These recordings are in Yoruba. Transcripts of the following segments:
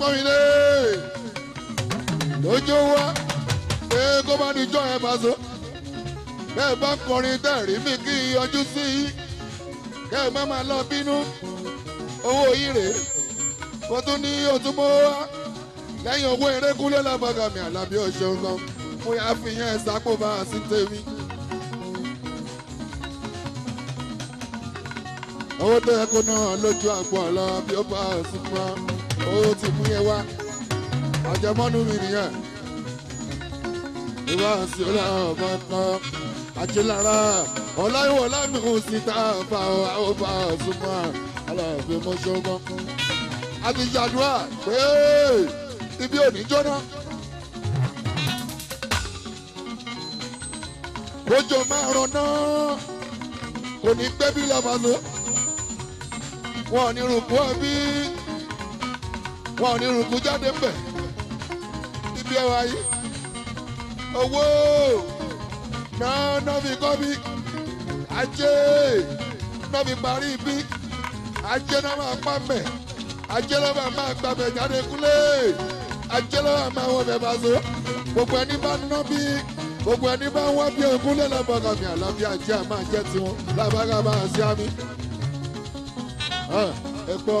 pọ́n lójú wa pé kó bá níjọ́ ẹ so bá kọrin mi kí yọjú sí i kẹ́ ẹ má máa lọ bínú owó yìí mo tún ní lẹ́yìn owó erékúlé lábàgà mi àlàbí ọ̀ṣun kan mo yà fi yẹn sápò a sí tèmi. owó ó ti mú yẹn wá àjẹmọ́nú mi nìyẹn ìwà sí ọlọ́ọ̀bọ kan àjẹlára ọláyíwọ̀ lámìhùn síta bá ọ bá ọ súnmọ́ aláàfin mọ́ṣọ́mọ́ àbíjàdúrà pé ibi ò ní jóná. kójọ máa ràn náà kò ní gbẹ́bí làbàlọ́ wọn ò ní rògbò ọbí wọn ò ní rúkú jáde mbẹ ibi ẹwà yìí owó náà náà fi kọ́ bí ajé náà fi parí bí ajé náà máa pa mẹ ajé náà máa máa gbàgbẹ jáde kúlé ajé náà máa wọ bẹ bá so gbogbo ẹni bá ná bí gbogbo ẹni bá wá bí ogún lé mi àlàbí ajé àmọ́ ajé tiwọn lábára máa ṣe àmì ẹ gbọ́.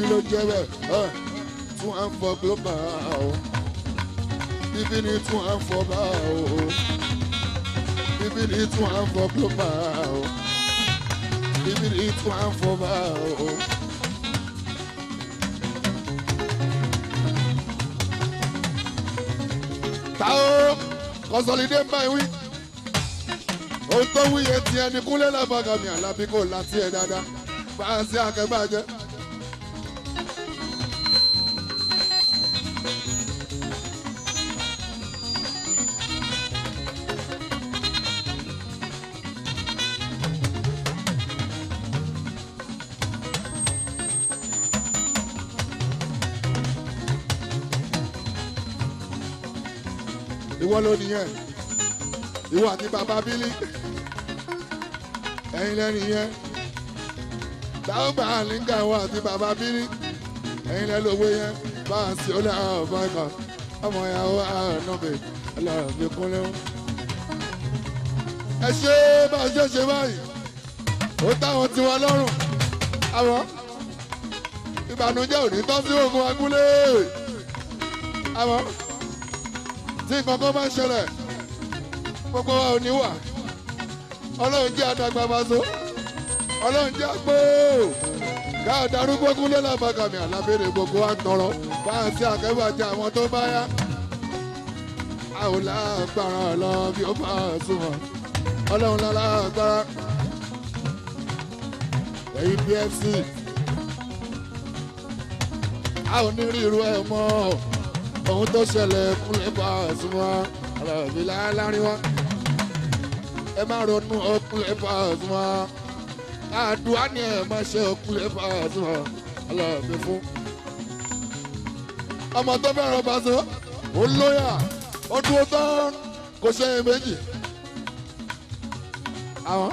kí ló jẹ́ bẹ́ẹ̀ tún à ń fọ global o bíbí ni tún à ń fọ bá o bíbí ni tún à ń fọ global o bíbí ni tún à ń fọ bá o. táwọn kọsọlídé báyìí wí ohun tó wúye tiẹ̀ ní kúnlẹ̀ lábàgàmì àlàbí kò láti ẹ̀ dáadáa bá a ìwọ ló nìyẹn ìwọ àti bàbá bílí ẹ̀yin lẹ́nu yẹn dáhùbà nígbà ìwọ àti bàbá bílí ẹ̀yin lẹ́nu owó yẹn bá a sì ó lẹ́hàn ọ̀bọ̀n kan ọmọ ìyàwó ààrùn náà bẹ̀ ọlọ́run fi kún lẹ́wọ̀n. ẹ ṣe bá a ṣe ṣe báyìí ó táwọn ti wọ lọ́rùn àwọn ìbànújẹ́ ò ní tọ́ sí ògùn agúlé àwọn tí kankan bá ṣẹlẹ̀ gbogbo wa ò ní wà ọlọ́run jẹ́ àdàgbà ọlọ́run jẹ́ àpò ká àdárúgbó kúnlẹ̀ làbàgàmì àlàbẹ̀rẹ̀ gbogbo wa ń tọrọ bá a ṣe àkẹ́wà àti àwọn tó bá yá a ò ọlọ́run bí ó bá súnmọ́ ọlọ́run lálágbára ẹ̀yin BFC a ò ní rí irú ẹ̀ mọ́ ohun tó ṣẹlẹ̀ kúnlẹ̀ Pasuma alábí láàárín wa ẹ má ronú ọkùnlẹ̀ Pasuma àdúrà ni ẹ má ṣe ọkùnlẹ̀ Pasuma alábí fún. ọmọ tó fẹ́ràn Pasuma ó lóyà ó dúró tán kò ṣe é méjì. àwọn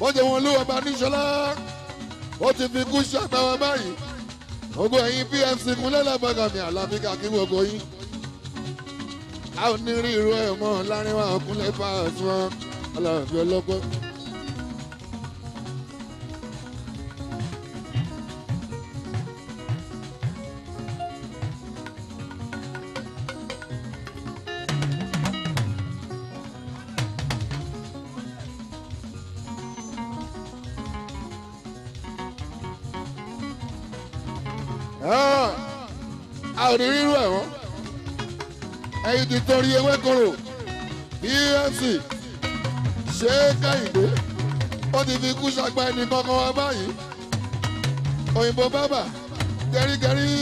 wọ́n jẹ́ wọn lówó níṣọ́lá ó ti fi kú ṣàtàwọn báyìí gbogbo ẹ̀yin pmc múlẹ̀ lọ́gbọ̀gàn mi àlàbí kàkí gbogbo yín a ò ní rí irú ẹ̀ mọ́ láríwá ọkùnrin fáwọn tí wọ́n ọlọ́run fi ọlọ́gbọ́n. ní rírú ẹ̀ wọ́n ẹ̀yin ti torí ewé koro efc ṣé kẹ́hìndé ó ti fi kú ṣàgbá ẹni kankan wá báyìí òyìnbó bábà gẹrígẹrí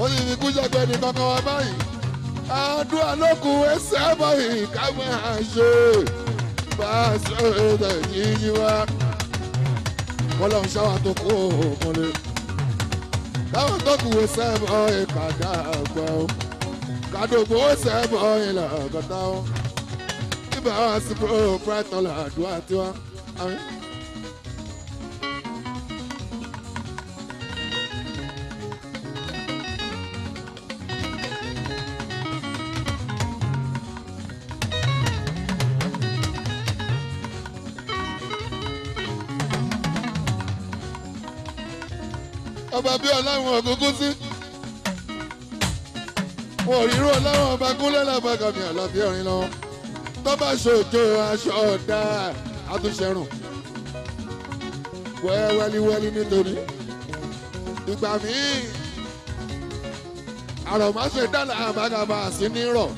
ó ti fi kú ṣàgbá ẹni kankan wá báyìí àdúrà lókun ẹsẹ̀ báyìí káwé àṣẹ bá a sọ̀rọ̀ yíyí wá wọ́n lọ́n ṣáwá tó káwọn tó kù sẹ́mọ̀ ìkàdá àgbẹ̀ o kàdógbò sẹ́mọ̀ ìlà ọ̀gọ́ta o ibà wá sí pro pride tọ́lá àdúrà tiwa. ọba bí ọláwọn ògógún sí. wọn ò ríro ọláwọn ọba kúnlẹ̀ làbàgàmì àlàbí ọ̀rìn lọ. tọ́ba ṣòjò aṣọ ọ̀dà àtúnṣẹrùn. wẹ́wẹ́líwẹ́lí nítorí ìgbà míì àròmáṣe dàlà àbágàbà sí nírọ̀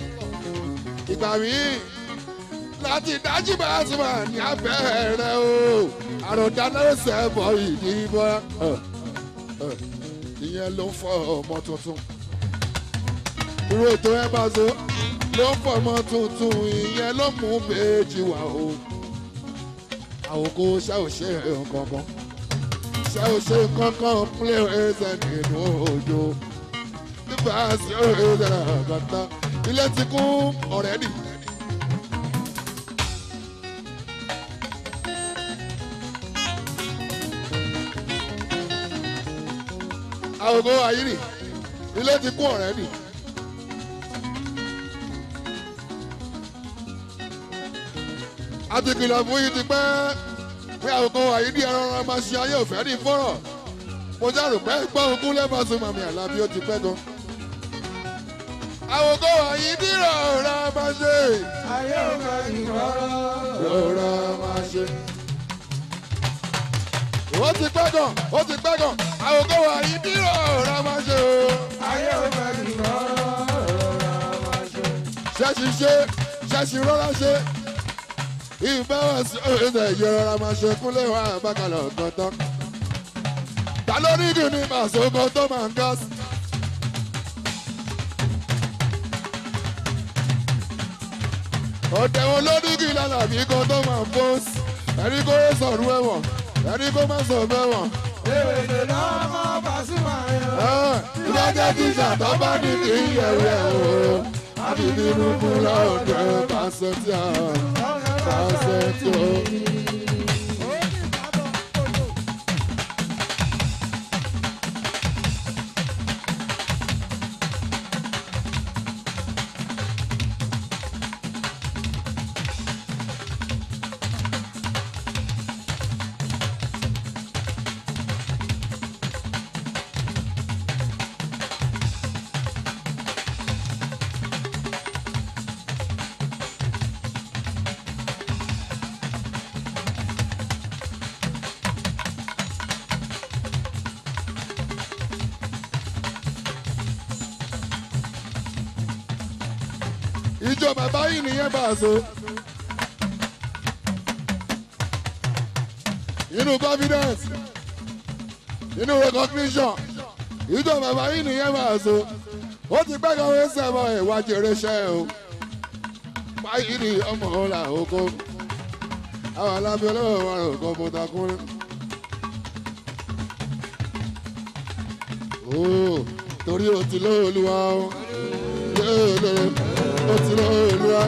ìgbà míì láti dájú bá a ní abẹ́rẹ́ o àròdá bọ̀ ìdí ìyẹn ló ń fọ ọmọ tuntun irú ètò ẹ bá so ló ń fọ ọmọ tuntun ìyẹn ló mú méjì wá o àwòkọ ṣá ò ṣe nǹkan kan ṣá ò ṣe nǹkan kan pílẹ̀ nínú òjò nípa sí ọ̀rẹ́ ìdára àgbàtà ilé ti kún ọ̀rẹ́ nìyí. àwògó ayírì ilé ti kún ọ̀rẹ́ nì. àti kìlọ̀ fún yìí ti pẹ́ pé àwògó ayírì ẹran ọ̀rọ̀ máa ṣe ayé òfẹ́ ní fọ́rọ̀ mo járò pé gbọ́ ogún lẹ́fà so màmí àlàbí ó ti pẹ́ gan. àwògó ayírì ọ̀rọ̀ máa ṣe. ayé òfẹ́ ní fọ́rọ̀ lọ́rọ̀ máa ṣe. ó ti pẹ́ gan ó ti pẹ́ gan àwòkọ́ wà ní bírò ọ̀rọ̀ máa ṣe o. ayé ò fẹ́ mi mọ́ ọ̀rọ̀ máa ṣe. ṣẹ́ṣì ṣe ṣẹ́ṣì rọ́lá ṣe ìbáwọ̀sí ọ̀rẹ́dẹ̀ ìyọ̀rọ̀ra máa ṣe kúnlẹ̀ wá àbákalẹ̀ ọ̀kan tán. ta ló ní dùn ní màṣọ́gbọ́n tó máa ń gáàsì. ọ̀tẹ̀ wọn ló ní kí lálàbí kan tó máa ń bọ́ọ̀sì ẹ̀rí kó sọ̀rọ̀ ẹ̀wọ̀n ẹ̀rí kó má sọ̀rọ̀ ẹ̀wọ̀n èrèdè náà mọ Pasuma yẹn. ìdájọ́ jíjà tó bá ní kí n yẹ̀wẹ̀ o àbíbí nùkú lọ́dọ̀ Pasuma tí a Pasuma tí o. ìjọ bàbá yìí nìyẹn Paso. inú confidence inú recognition ìjọ bàbá yìí nìyẹn Paso. ó ti pẹ́ kan ó sẹ́wọ̀n ìwà jèrè ṣẹ́ o. báyìí ni ọmọ òun là ó kó àwọn alábí ọlọ́wọ́ wa rò kọ́ bọ́tà kúnlẹ̀. torí o ti lóòlù wa o tiro elua.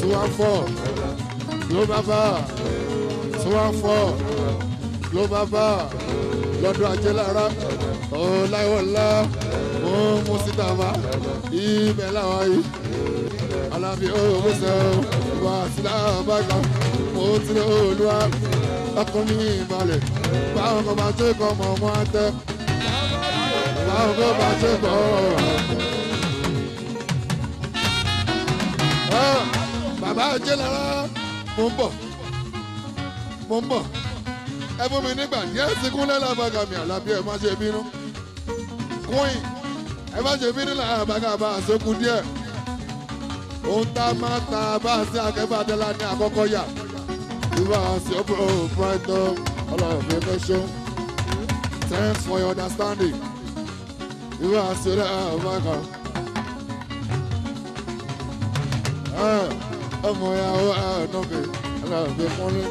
Suwafọ ló bá bá suwafọ ló bá bá lọ́dọ̀ ajé lára ọ̀làwọ̀lá ó mú síta wá ibẹ̀ làwọn yìí alábi ó mú sẹ́wọ̀n wá sílá bá kan mo tiro olúwa ọkùnrin ìbàlẹ̀ báwọn kan bá tó kọ́ mọ̀ mọ́ àtẹ ògo bá ṣe pọ̀. bàbá ajé lára mo ń bọ̀ mo ń bọ̀ ẹ fún mi nígbà díẹ̀ sí kúnlẹ̀ làbàgà mi àlàbí ẹ má ṣe bínú queen ẹ má ṣe bínú làbàgà bá a ṣekú díẹ̀ ohun tá a máa ta bá a ṣe akẹ́fà tẹ́lá ní àkọ́kọ́ yà ìwà thanks for your understanding. Iwa sere amaka. Ọmọ ya ó ànọ́bẹ̀ aláàbẹ̀ mọ́lẹ̀.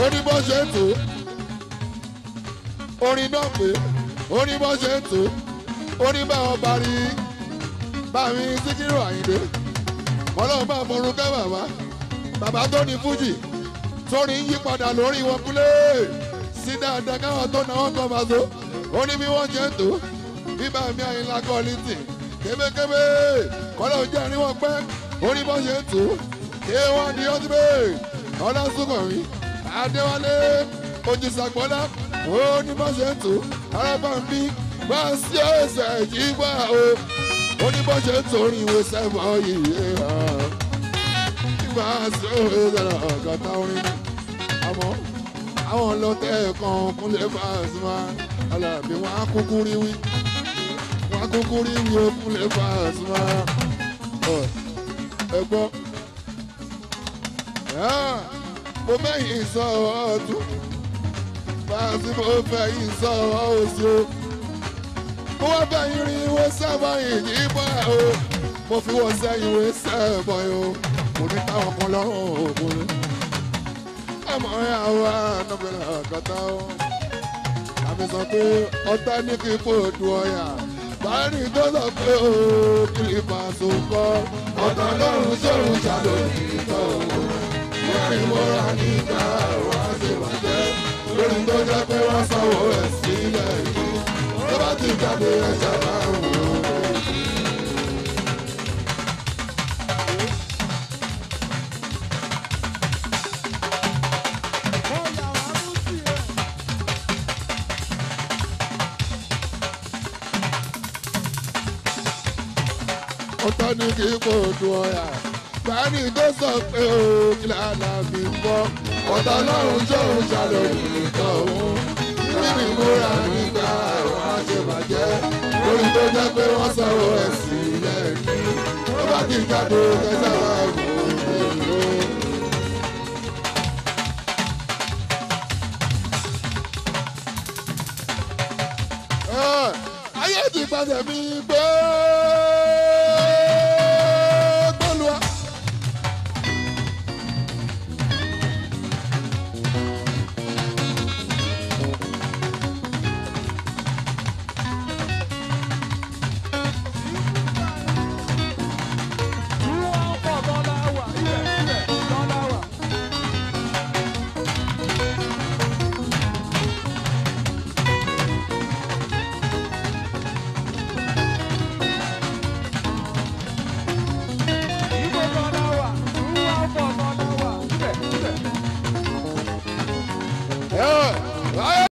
Ó bó ṣe tó. Orin náà pé ó bó ṣe tó. Ó bá wọn bá rí. Bá mi Síkírù Àyìndé. Ọlọ́run bá fọrun ká bàbá. Bàbá tó ní Fújì. Sórí ń yí padà lórí wọn kúlẹ̀. Sí dáadáa káwọn tó náwó kan bá so. Ó ní bí wọ́n ṣe tó ibà mi àyìnlá kọ́lítì kébékébé kọ́lọ́ jẹ́ àríwọ̀n pẹ́ orí bọ́ ṣe ń tù ú kéwọ́n ni ó ti bẹ́ẹ̀ ọlá súnkànmí adéwálé ojúṣàgbọ́lá oní bọ́ ṣe ń tù ú arábàmbí bá sí ẹsẹ̀ jígbà o oní bọ́ ṣe ń tù orin ìwé sẹ́fọ̀ yìí bá sí ẹsẹ̀ ọ̀gọ́ta orin àmọ́ àwọn ọlọ́tẹ̀ kan kúnlẹ̀ fásitì wa wọn á kúkú rí wí kúkú rí mi ò kún lè fa àsùnmá ẹ mo fẹ́yìn sọ ọdún fàásì mo fẹ́yìn sọ òsì o mo wá fẹ́yìn rí wọ́n sábà yìnyín bọ́ o mo fi wọ́n sẹ́yìn wọ́n sẹ́ẹ̀bọ̀ o mo ní táwọn kan lọ́rùn òògùn rẹ. àmọ́ ẹ àwa nàbẹ̀rẹ̀ àkàtà o àmì sọ pé ọ̀tá ní kí n kò du ọ̀yà buhari tó sọ pé ó kiri pàṣẹ kọ ọ̀tọ̀ lọ́run sọ̀rọ̀ ṣàlòyìn ìtọ́ òun mẹ́rin wọ́ra nígbà wá ṣe bàjẹ́ lórí tó jẹ́ pé wá sanwó ẹ̀ sílẹ̀ yìí tó bá ti jáde ẹ̀ ṣàbáwò. ọ̀tọ̀ ní kí kò dùn ọ̀yà báyìí tó sọ pé o kílà là fi bọ́ ọ̀tọ̀ lọ́run ṣòun ṣàlòyìn ìtọ̀ òun mímì múra nígbà àwọn àṣebàjẹ́ lórí tó jẹ́ pé wọ́n sọ̀rọ̀ ẹ̀sìn ilẹ̀ ní ó bá ti jáde kẹsàn-án.